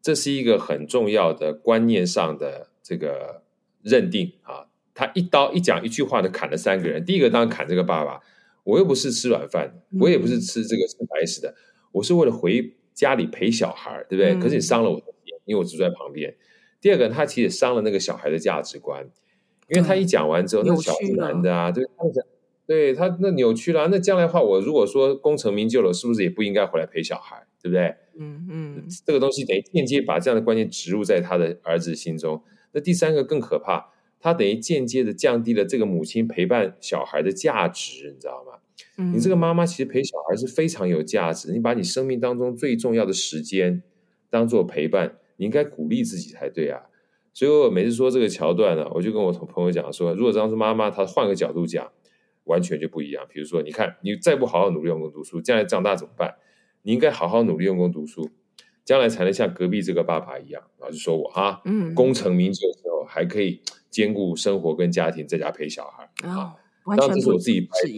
這是一個很重要的觀念上的這個認定啊！他一刀一講一句話，就砍了三個人。第一個當然砍這個爸爸，我又不是吃軟飯，我也不是吃這個吃白食的、嗯，我是為了回家裡陪小孩，對不對？嗯、可是你傷了我的心，因為我住在旁邊。第二個他其實也傷了那個小孩的價值觀，因為他一講完之後，那、嗯、小男的啊，嗯、對，他講，對他那扭曲了。那將來的話，我如果說功成名就了，是不是也不應該回來陪小孩，對不對？嗯嗯，這個東西等於間接把這樣的觀念植入在他的兒子心中。那第三個更可怕，他等於間接的降低了這個母親陪伴小孩的價值，你知道嗎？你這個媽媽其實陪小孩是非常有價值，嗯、你把你生命當中最重要的時間當做陪伴，你應該鼓勵自己才對啊。所以我每次說這個橋段呢，我就跟我同朋友講說，如果當初媽媽她換個角度講，完全就不一樣。比如說，你看你再不好好努力用功讀書，將來長大怎麼辦？你應該好好努力用功讀書，將來才能像隔壁這個爸爸一樣，老是說我啊，嗯，功成名就之後還可以兼顧生活跟家庭，在家陪小孩。哦、啊完全當我自己的是，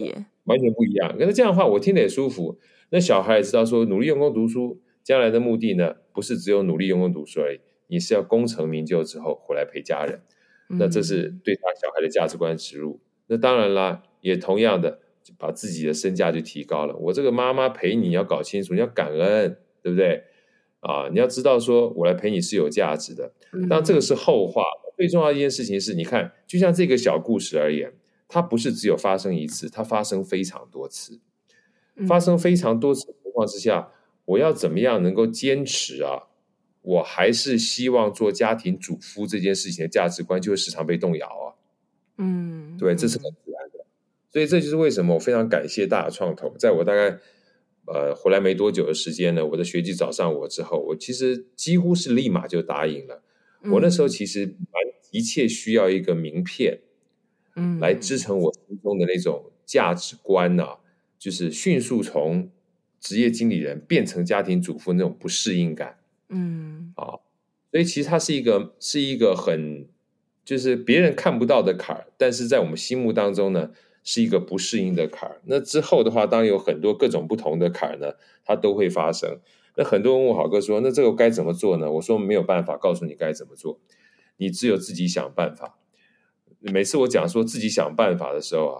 完全不一樣。完全不一樣。那這樣的話，我聽得也舒服。那小孩也知道說，努力用功讀書，將來的目的呢，不是只有努力用功讀書而已，你是要功成名就之後回來陪家人。嗯、那這是對他小孩的價值觀植入。那當然啦，也同樣的。把自己的身價就提高了。我這個媽媽陪你要搞清楚，你要感恩，對不對？啊，你要知道，說我來陪你是有價值的。但這個是後話。最重要的一件事情是你看，就像這個小故事而言，它不是只有發生一次，它發生非常多次。發生非常多次的情況之下，我要怎麼樣能夠堅持啊？我還是希望做家庭主夫這件事情的價值觀就會時常被動搖啊。嗯，對，這是個所以這就是為什麼我非常感謝大亞創投。在我大概呃回來沒多久的時間呢，我的學弟找上我之後，我其實幾乎是立馬就答應了。嗯、我那時候其實一切需要一個名片，嗯，來支撐我心中的那種價值觀呢、啊嗯，就是迅速從職業經理人變成家庭主夫那種不適應感，嗯，啊，所以其實它是一個，是一個很，就是別人看不到的坎兒，但是在我們心目當中呢。是一個不適應的坎兒，那之後的話，當然有很多各種不同的坎兒呢，它都會發生。那很多人問我，郝哥說：“那這個該怎麼做呢？”我說沒有辦法告訴你該怎麼做，你只有自己想辦法。每次我講說自己想辦法的時候啊，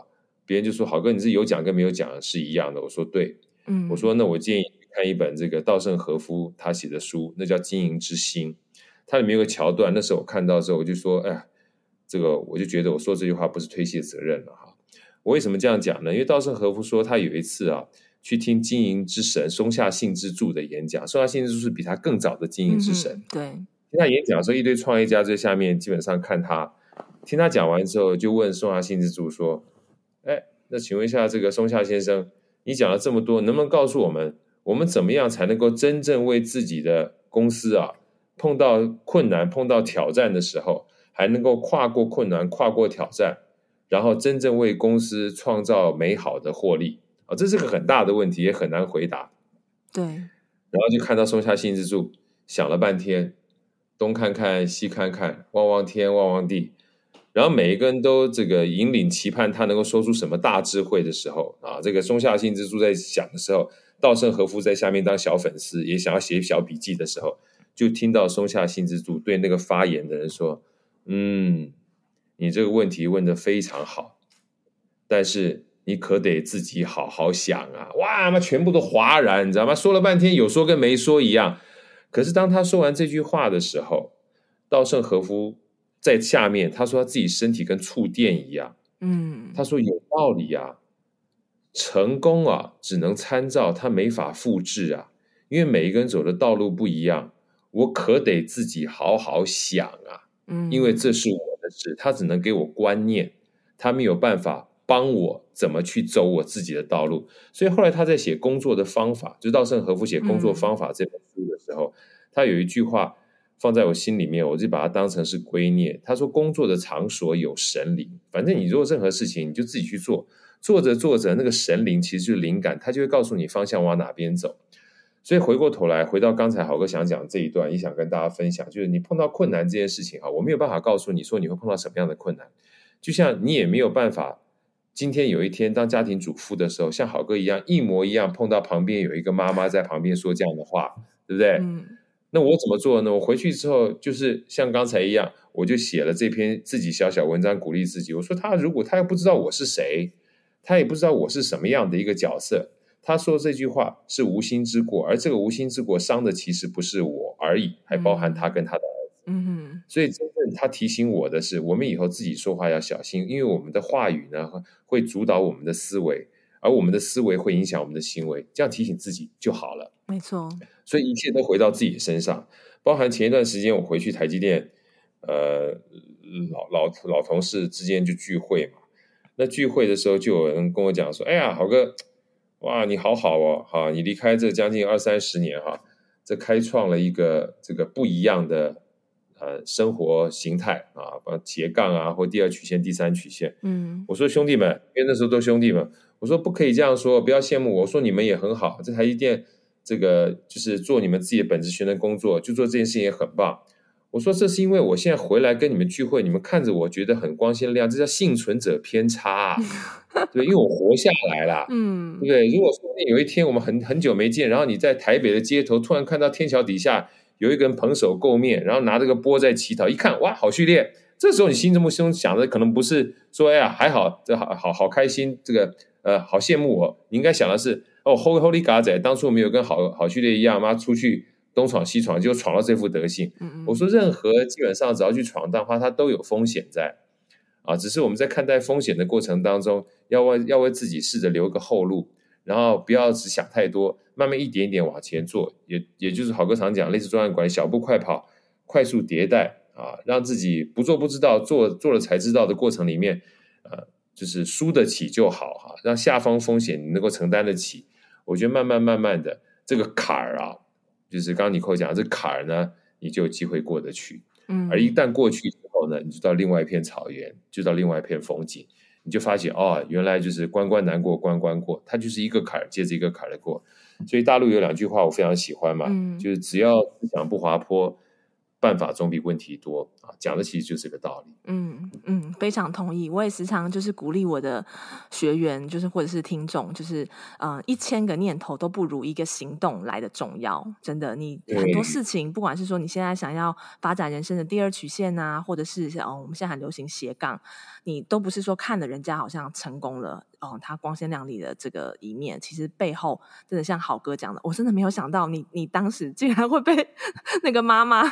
別人就說：“郝哥，你這有講跟沒有講是一樣的。”我說：“對，嗯。”我說：“那我建議看一本這個稻盛和夫他寫的書，那叫《經營之心》，它裡面有個橋段。那時候我看到之後，我就說：‘哎，這個我就覺得我說這句話不是推卸責任了，啊。’”我為什麼這樣講呢？因為稻盛和夫說，他有一次啊，去聽經營之神松下幸之助的演講。松下幸之助是比他更早的經營之神。嗯。對，聽他演講說，一堆創業家在下面，基本上看他，聽他講完之後，就問松下幸之助說：“哎，那請問一下，這個松下先生，你講了這麼多，能不能告訴我們，我們怎麼樣才能夠真正為自己的公司啊，碰到困難、碰到挑戰的時候，還能夠跨過困難、跨過挑戰？”然後真正為公司創造美好的獲利啊，這是個很大的問題，也很難回答。對，然後就看到松下幸之助想了半天，東看看西看看，望望天望望地，然後每一個人都這個引領期盼他能夠說出什麼大智慧的時候啊，這個松下幸之助在想的時候，稻盛和夫在下面當小粉絲也想要寫小筆記的時候，就聽到松下幸之助對那個發言的人說：“嗯。”你這個問題問得非常好，但是你可得自己好好想啊！哇，全部都嘩然，你知道嗎？說了半天，有說跟沒說一樣。可是當他說完這句話的時候，稻盛和夫在下面，他說他自己身體跟觸電一樣。嗯，他說有道理啊，成功啊，只能參照，他沒法複製啊，因為每一個人走的道路不一樣。我可得自己好好想啊，嗯，因為這是我。是他只能給我觀念，他沒有辦法幫我怎麼去走我自己的道路。所以後來他在寫工作的方法，就是稻盛和夫寫《工作方法》這本書的時候，嗯，他有一句話放在我心裡面，我就把它當成是圭臬。他說：“工作的場所有神靈，反正你做任何事情，你就自己去做，做着做着，那個神靈其實就是靈感，他就會告訴你方向往哪邊走。”所以回過頭來，回到剛才郝哥想講這一段，也想跟大家分享，就是你碰到困難這件事情啊，我沒有辦法告訴你說你會碰到什麼樣的困難，就像你也沒有辦法，今天有一天當家庭主婦的時候，像郝哥一樣一模一樣碰到旁邊有一個媽媽在旁邊說這樣的話，對不對？嗯。那我怎麼做呢？我回去之後就是像剛才一樣，我就寫了這篇自己小小文章鼓勵自己。我說他如果他也不知道我是誰，他也不知道我是什麼樣的一個角色。他說這句話是無心之過，而這個無心之過傷的其實不是我而已，還包含他跟他的兒子。嗯哼、嗯。所以真正他提醒我的是，我們以後自己說話要小心，因為我們的話語呢會主導我們的思維，而我們的思維會影響我們的行為。這樣提醒自己就好了。沒錯。所以一切都回到自己身上，包含前一段時間我回去台積電，呃，老老老同事之間就聚會嘛，那聚會的時候就有人跟我講說：“哎呀，郝哥。”哇，你好好哦，哈、啊，你離開這將近二三十年。哈、啊，這開創了一個這個不一樣的呃生活形態啊，把斜槓啊或第二曲線、第三曲線，嗯，我說兄弟們，因為那時候都兄弟們，我說不可以這樣說，不要羨慕我，我說你們也很好，這台積電這個就是做你們自己的本職學能工作，就做這件事情也很棒。我說，這是因為我現在回來跟你們聚會，你們看着我覺得很光鮮亮，這叫幸存者偏差、啊，對， 因為我活下來了，嗯，對不對？如果說有一天我們很很久沒見，然後你在台北的街頭突然看到天橋底下有一個人蓬首垢面，然後拿着個缽在乞討，一看，哇，郝旭烈，這時候你心這麼凶，想的可能不是說，哎呀，還好，這好好好,好開心，這個呃，好羨慕我、哦，你應該想的是，哦，Holy Holy 嘎仔，當初我沒有跟好郝旭烈一樣，媽出去。東闖西闖，就闖到這副德性。我說，任何基本上只要去闖蕩的話，它都有風險在啊。只是我們在看待風險的過程當中，要為要為自己試着留個後路，然後不要只想太多，慢慢一點一點往前做。也也就是郝哥常講，類似專案管理，小步快跑，快速迭代啊，讓自己不做不知道，做做了才知道的過程裡面，啊就是輸得起就好哈，啊，讓下方風險你能夠承擔得起。我覺得慢慢慢慢的這個坎兒啊。就是剛尼可講的這坎兒呢，你就有機會過得去。嗯，而一旦過去之後呢，你就到另外一片草原，就到另外一片風景，你就發現哦，原來就是關關難過關關過，它就是一個坎兒接着一個坎兒的過。所以大陸有兩句話我非常喜歡嘛，嗯、就是只要思想不滑坡，辦法總比問題多。講的其實就是這個道理，嗯。嗯嗯，非常同意。我也時常就是鼓勵我的學員，就是或者是聽眾，就是嗯、呃，一千個念頭都不如一個行動來的重要。真的，你很多事情，不管是說你現在想要發展人生的第二曲線啊，或者是哦，我們現在很流行斜槓，你都不是說看了人家好像成功了，哦，他光鮮亮麗的這個一面，其實背後真的像郝哥講的，我真的沒有想到你，你你當時竟然會被那個媽媽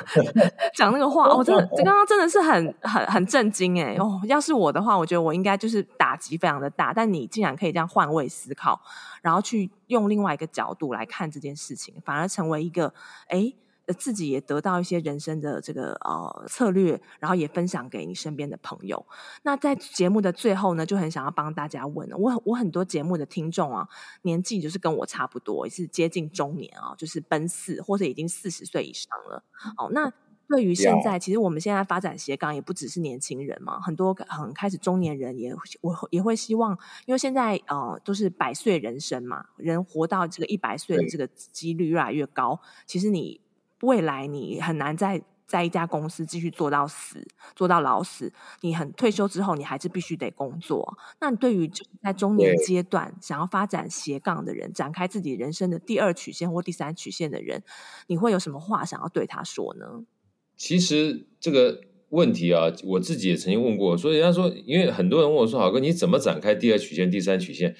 講那個話，我、 哦、真的。 剛剛真的是很很很震驚哎、欸、哦！要是我的話，我覺得我應該就是打擊非常的大。但你竟然可以這樣換位思考，然後去用另外一個角度來看這件事情，反而成為一個哎，自己也得到一些人生的這個呃策略，然後也分享給你身邊的朋友。那在節目的最後呢，就很想要幫大家問了，我我很多節目的聽眾啊，年紀就是跟我差不多，也是接近中年啊，就是奔四或者已經四十歲以上了。哦，那。對於現在，yeah. 其實我們現在發展斜槓也不只是年輕人嘛，很多很開始中年人也我也會希望，因為現在呃都是百歲人生嘛，人活到這個一百歲的這個幾率越來越高。Yeah. 其實你未來你很難在在一家公司繼續做到死，做到老死。你很退休之後，你還是必須得工作。那對於在中年階段想要發展斜槓的人，yeah. 展開自己人生的第二曲線或第三曲線的人，你會有什麼話想要對他說呢？其實這個問題啊，我自己也曾經問過。所以，人家說，因為很多人問我說，郝哥你怎麼展開第二曲線、第三曲線？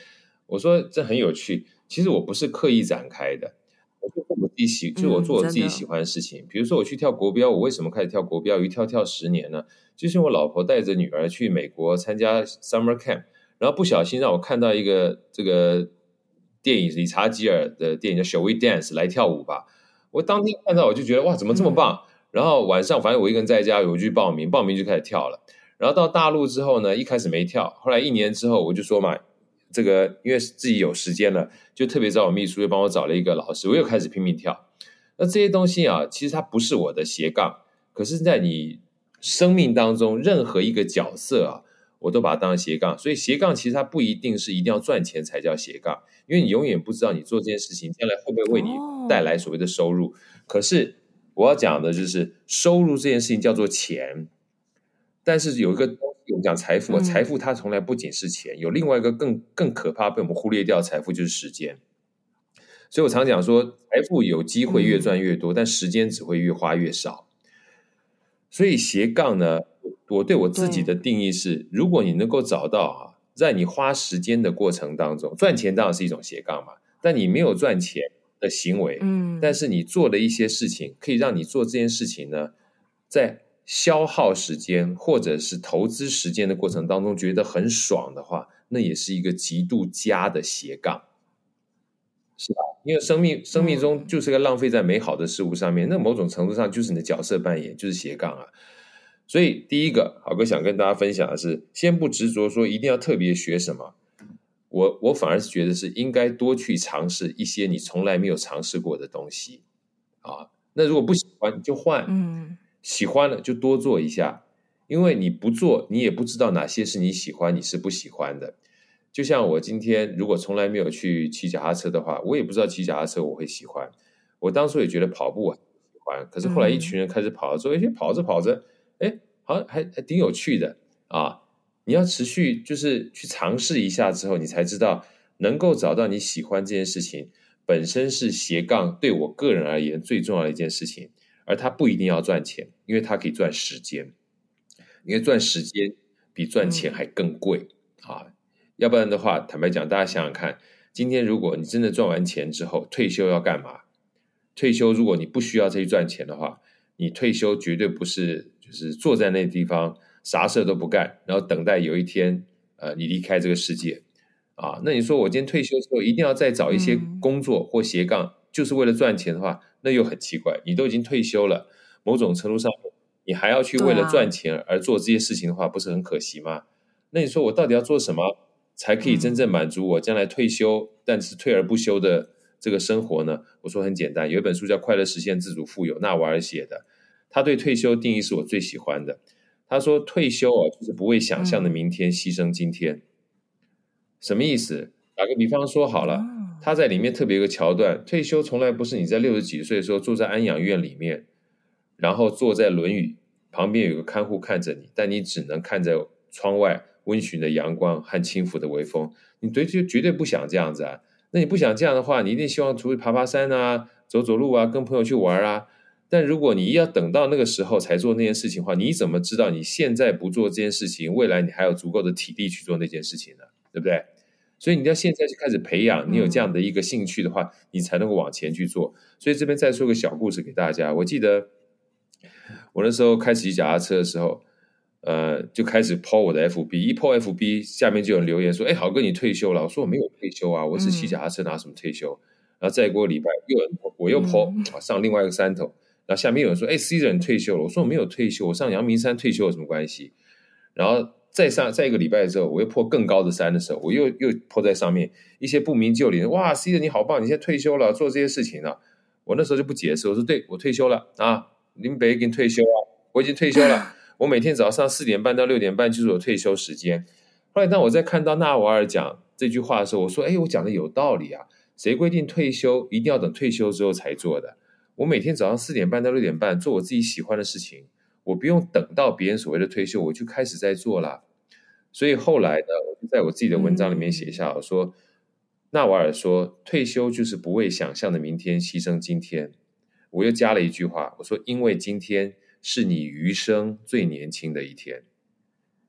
我說這很有趣。其實我不是刻意展開的，我做我自己喜，就是、我做我自己喜歡的事情。嗯、比如說，我去跳國標，我為什麼開始跳國標？一跳跳十年呢？就是我老婆帶着女兒去美國參加 summer camp，然後不小心讓我看到一個這個電影，理查吉爾的電影叫《Shall We Dance》，來跳舞吧。我當天看到，我就覺得哇，怎麼這麼棒！嗯然後晚上，反正我一個人在家，我就去報名，報名就開始跳了。然後到大陸之後呢，一開始沒跳，後來一年之後，我就說嘛，這個因為自己有時間了，就特別找我秘書，又幫我找了一個老師，我又開始拼命跳。那這些東西啊，其實它不是我的斜槓，可是，在你生命當中任何一個角色啊，我都把它當成斜槓。所以斜槓其實它不一定是一定要賺錢才叫斜槓，因為你永遠不知道你做這件事情將來會不會為你帶來所謂的收入，可是，我要講的就是收入這件事情叫做錢，但是有一個有我們講財富，嗯，財富它從來不僅是錢，有另外一個更更可怕被我們忽略掉的財富就是時間。所以我常講說，財富有機會越賺越多，嗯，但時間只會越花越少。所以斜槓呢，我對我自己的定義是，如果你能夠找到啊，在你花時間的過程當中，賺錢當然是一種斜槓嘛，但你沒有賺錢的行為，嗯，但是你做的一些事情，可以讓你做這件事情呢，在消耗時間或者是投資時間的過程當中，覺得很爽的話，那也是一個極度佳的斜槓，是吧？因為生命生命中就是個浪費在美好的事物上面，嗯，那某種程度上就是你的角色扮演，就是斜槓啊。所以第一個，郝哥想跟大家分享的是，先不執着說一定要特別學什麼。我我反而是覺得是應該多去嘗試一些你從來沒有嘗試過的東西，啊，那如果不喜歡你就換，嗯，喜歡了就多做一下，因為你不做你也不知道哪些是你喜歡，你是不喜歡的。就像我今天如果從來沒有去騎腳踏車的話，我也不知道騎腳踏車我會喜歡。我當初也覺得跑步我很喜歡，可是後來一群人開始跑了之後，跑着跑着，哎，好像還還挺有趣的啊。你要持續就是去嘗試一下之後，你才知道能夠找到你喜歡這件事情本身是斜槓，對我個人而言，最重要的一件事情，而它不一定要賺錢，因為它可以賺時間。因為賺時間比賺錢還更貴啊！要不然的話，坦白講，大家想想看，今天如果你真的賺完錢之後退休要幹嘛？退休如果你不需要再去賺錢的話，你退休絕對不是就是坐在那地方，啥事都不幹，然後等待有一天，呃，你離開這個世界，啊，那你說我今天退休的時候一定要再找一些工作或斜槓，嗯、就是為了賺錢的話，那又很奇怪。你都已經退休了，某種程度上你還要去為了賺錢而做這些事情的話，啊、不是很可惜嗎？那你說我到底要做什麼才可以真正滿足我將來退休、嗯、但是退而不休的這個生活呢？我說很簡單，有一本書叫《快樂實現自主富有》，納瓦爾寫的，他對退休定義是我最喜歡的。他說：“退休啊，就是不為想象的明天犧牲今天。嗯，什麼意思？打個比方說好了。嗯，他在裡面特別有個橋段，退休從來不是你在六十幾歲的時候坐在安養院裡面，然後坐在輪椅，旁邊有個看護看着你，但你只能看着窗外溫煦的陽光和輕撫的微風。你絕對絕對不想這樣子啊！那你不想這樣的話，你一定希望出去爬爬山啊，走走路啊，跟朋友去玩啊。”但如果你要等到那個時候才做那件事情的話，你怎麼知道你現在不做這件事情，未來你還有足夠的體力去做那件事情呢？對不對？所以你要現在就開始培養，你有這樣的一個興趣的話，你才能夠往前去做。所以這邊再說個小故事給大家。我記得我那時候開始騎腳踏車的時候，呃，就開始 PO 我的 FB，一 PO FB 下面就有留言說：“哎，郝哥你退休了。”我說：“我沒有退休啊，我是騎腳踏車，拿什麼退休？”嗯、然後再過禮拜，又我又 PO、嗯、上另外一個山頭。然後下面有人說：“哎，C 人退休了。”我說：“我沒有退休，我上陽明山退休有什麼關係？”然後再上再一個禮拜的時候，我又 PO 更高的山的時候，我又又 PO 在上面。一些不明就裡，哇，C 人你好棒，你現在退休了，做這些事情了。我那時候就不解釋，我說：“對，我退休了啊，林北也已經退休了，我已經退休了。我每天早上四點半到六點半就是我退休時間。”後來當我在看到納瓦爾講這句話的時候，我說：“哎，我講的有道理啊！誰規定退休一定要等退休之後才做的？”我每天早上四點半到六點半做我自己喜歡的事情，我不用等到別人所謂的退休，我就開始在做了。所以後來呢，我就在我自己的文章裡面寫下、嗯、我說：“納瓦爾說，退休就是不為想象的明天犧牲今天。”我又加了一句話，我說：“因為今天是你餘生最年輕的一天，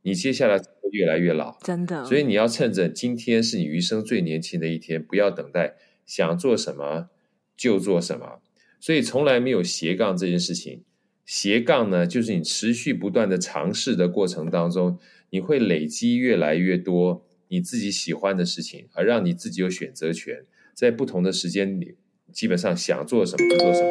你接下來會越來越老，真的。所以你要趁着今天是你餘生最年輕的一天，不要等待，想做什麼就做什麼。”所以從來沒有斜槓這件事情。斜槓呢，就是你持續不斷的嘗試的過程當中，你會累積越來越多你自己喜歡的事情，而讓你自己有選擇權。在不同的時間，你基本上想做什麼就做什麼。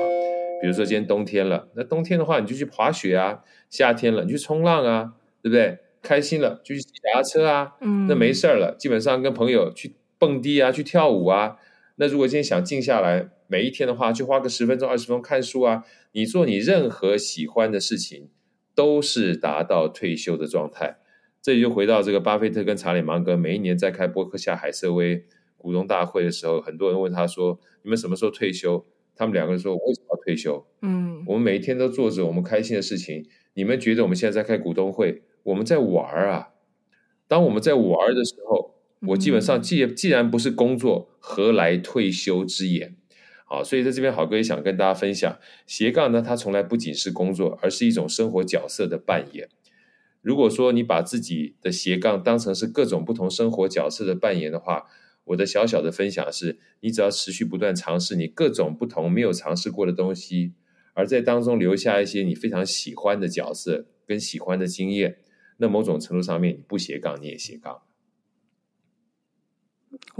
比如說今天冬天了，那冬天的話你就去滑雪啊；夏天了，你去衝浪啊，對不對？開心了就去騎單車啊。那沒事兒了，基本上跟朋友去蹦迪啊，去跳舞啊。那如果今天想靜下來。每一天的話，就花個十分鐘、二十分鐘看書啊。你做你任何喜歡的事情，都是達到退休的狀態。這就回到這個巴菲特跟查理芒格，每一年在開波克夏海瑟威股東大會的時候，很多人問他說：“你們什麼時候退休？”他們兩個人說：“我為什麼要退休？”嗯，我們每一天都做着我們開心的事情。你們覺得我們現在在開股東會，我們在玩啊。當我們在玩的時候，我基本上既既然不是工作，何來退休之言？嗯好，所以在這邊，郝哥也想跟大家分享，斜槓呢，它從來不僅是工作，而是一種生活角色的扮演。如果說你把自己的斜槓當成是各種不同生活角色的扮演的話，我的小小的分享是，你只要持續不斷嘗試你各種不同沒有嘗試過的東西，而在當中留下一些你非常喜歡的角色跟喜歡的經驗，那某種程度上面，你不斜槓，你也斜槓。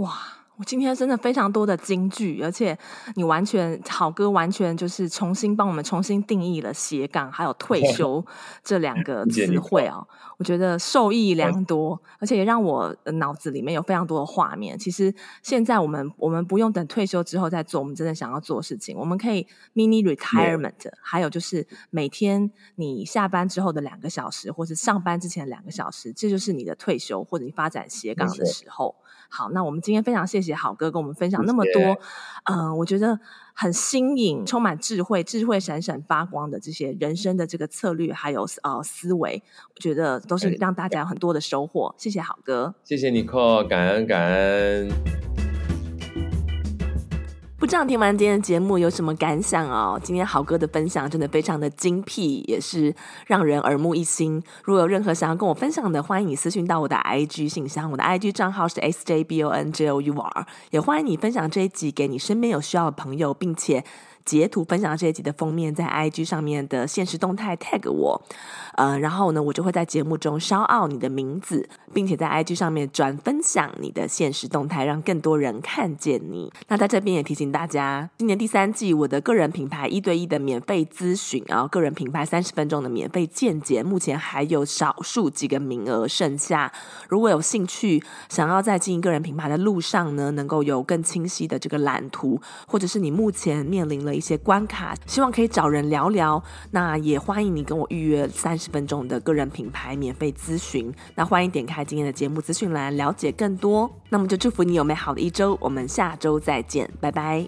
哇。今天真的非常多的金句，而且你完全郝哥完全就是重新幫我們重新定義了“斜槓”還有“退休”這兩個詞彙哦，哦。我覺得受益良多，哦、而且也讓我的腦子裡面有非常多的畫面。其實現在我們我們不用等退休之後再做，我們真的想要做的事情，我們可以 mini retirement，哦。還有就是每天你下班之後的兩個小時，或是上班之前兩個小時，這就是你的退休或者你發展斜槓的時候。好，那我們今天非常謝謝。好哥跟我們分享那麼多，嗯、呃，我覺得很新穎，充滿智慧，智慧閃閃發光的這些人生的這個策略，還有、呃、思維，我覺得都是讓大家有很多的收穫。謝謝郝哥，謝謝你 Nicolle 感恩感恩。感恩不知道聽完今天的節目有什麼感想哦？今天郝哥的分享真的非常的精闢，也是讓人耳目一新。如果有任何想要跟我分享的，歡迎你私訊到我的 IG 信箱，我的 IG 賬號是 sjbonjour，也歡迎你分享這一集給你身邊有需要的朋友，並且。截圖分享這一集的封面在 i g 上面的現實動態 tag 我。呃，然後呢，我就會在節目中燒 o 你的名字，並且在 i g 上面轉分享你的現實動態，讓更多人看見你。那在這邊也提醒大家，今年第三季我的個人品牌一對一的免費諮詢啊，個人品牌三十分鐘的免費見解，目前還有少數幾個名額剩下。如果有興趣想要在經營個人品牌的路上呢，能夠有更清晰的這個藍圖，或者是你目前面臨了。一些關卡，希望可以找人聊聊。那也歡迎你跟我預約三十分鐘的個人品牌免費諮詢。那歡迎點開今天的節目資訊欄了解更多。那麼就祝福你有美好的一周，我們下周再見，拜拜。